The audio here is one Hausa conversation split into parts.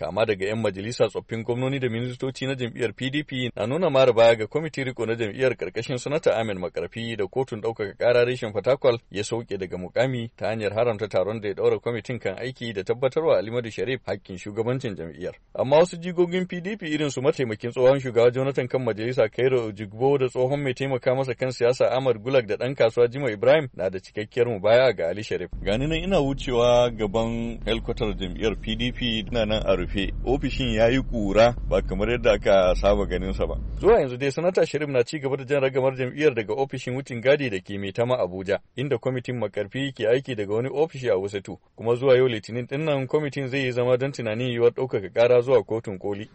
kama daga 'yan majalisa tsoffin gwamnoni da ministoci na jam'iyyar pdp na nuna mara baya ga kwamitin riko na jam'iyyar karkashin sanata amin makarfi da kotun ɗaukaka ƙara reshen fatakwal ya sauke daga mukami ta hanyar haramta taron da ya ɗaura kwamitin kan aiki da tabbatarwa alimadu sharif hakkin shugabancin jam'iyyar amma wasu jigogin pdp irin su mataimakin tsohon shugaba jonathan kan majalisa kairo jigbo da tsohon mai taimaka masa kan siyasa ahmad gulag da ɗan kasuwa jima ibrahim na da cikakkiyar mu baya ga ali sharif gani ina wucewa gaban helkwatar jam'iyyar pdp na nan a rufe ofishin ya yi kura ba kamar yadda aka saba ganinsa ba zuwa yanzu dai sanata shirin na ci gaba da jan ragamar jam'iyyar daga ofishin wucin gadi da ke mai tama abuja inda kwamitin makarfi ke aiki daga wani ofishi a wasatu kuma zuwa yau litinin dinnan kwamitin zai yi zama don tunanin yiwuwar ɗaukaka ƙara zuwa kotun koli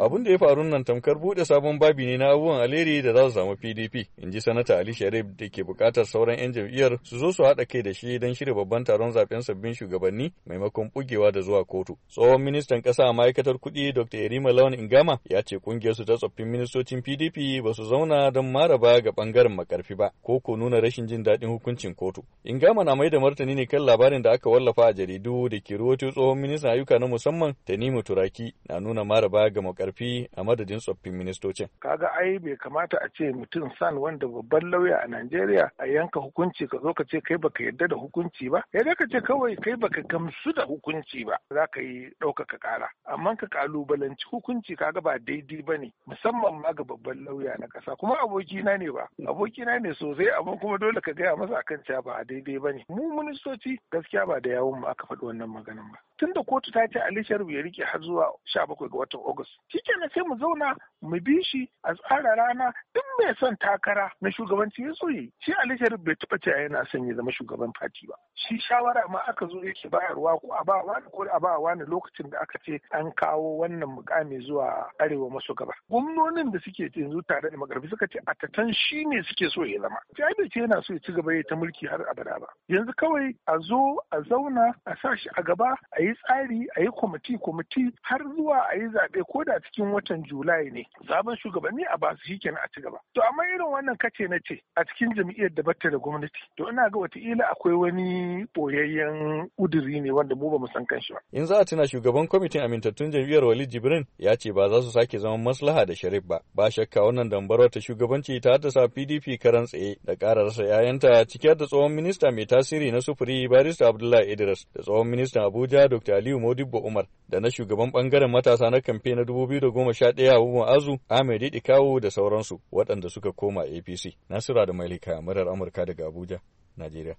Abin da ya faru nan tamkar bude sabon babi ne na abubuwan aleri da za su samu PDP, in ji Sanata Ali Sharif da ke bukatar sauran 'yan jam'iyyar su zo su haɗa kai da shi don shirya babban taron zaben sabbin shugabanni maimakon bugewa da zuwa kotu. Tsohon ministan ƙasa a ma'aikatar kuɗi Dr. Irima Lawan Ingama ya ce kungiyar su ta tsoffin ministocin PDP ba su zauna don maraba ga bangaren makarfi ba ko ko nuna rashin jin daɗin hukuncin kotu. Ingama na mai da martani ne kan labarin da aka wallafa a jaridu da ke ruwato tsohon ministan ayyuka na musamman Tanimu Turaki na nuna maraba ga makarfi karfi a madadin tsoffin ministocin. Kaga ai bai kamata a ce mutum san wanda babban lauya a Najeriya a yanka hukunci ka zo ka ce kai baka yarda da hukunci ba. Ya ka ce kawai kai baka gamsu da hukunci ba za ka yi ɗaukaka ƙara. Amma ka kalubalanci hukunci kaga ba daidai ba ne musamman ma ga babban lauya na ƙasa kuma abokina ne ba. Abokina ne sosai amma kuma dole ka gaya masa akan cewa ba daidai ba ne. Mu ministoci gaskiya ba da yawun mu aka faɗi wannan maganan ba. Tunda kotu ta ce Ali ya rike har zuwa sha bakwai ga watan Agusta. shi na sai mu zauna mu bi shi a tsara rana duk mai son takara na shugabanci ya so yi shi Ali Sharif bai taɓa ce yana son ya zama shugaban fati ba shi shawara ma aka zo yake bayarwa ko a ba wani ko a ba wani lokacin da aka ce an kawo wannan mukami zuwa arewa maso gaba gwamnonin da suke yanzu tare da makarfi suka ce a tatan shi ne suke so ya zama sai ce yana so ya ci gaba ya ta mulki har abada ba yanzu kawai a zo a zauna a sa shi a gaba a yi tsari a yi kwamiti kwamiti har zuwa a yi zaɓe ko da cikin watan julai ne sabon shugabanni a basu shikenan a ci gaba to amma irin wannan kace na ce a cikin jam'iyyar da batta da gwamnati to ina ga wata wataƙila akwai wani boyayyen udiri ne wanda mu ba mu san kanshi ba in za a tuna shugaban kwamitin amintattun jam'iyyar wali Jibrin ya ce ba za su sake zama maslaha da Sharif ba ba shakka wannan dambar wata shugabanci ta haddasa PDP karan tsaye da ƙara rasa 'ya'yanta cike da tsohon minista mai tasiri na sufuri barista Abdullahi Idris da tsohon ministan Abuja Dr. Aliyu Modibo Umar da na shugaban bangaren matasa na kamfe na 2011 Abubuwan Azu Ma'azu, Ahmed da sauransu waɗanda suka koma APC. Nasira da Malika, murar Amurka daga Abuja, Najeriya.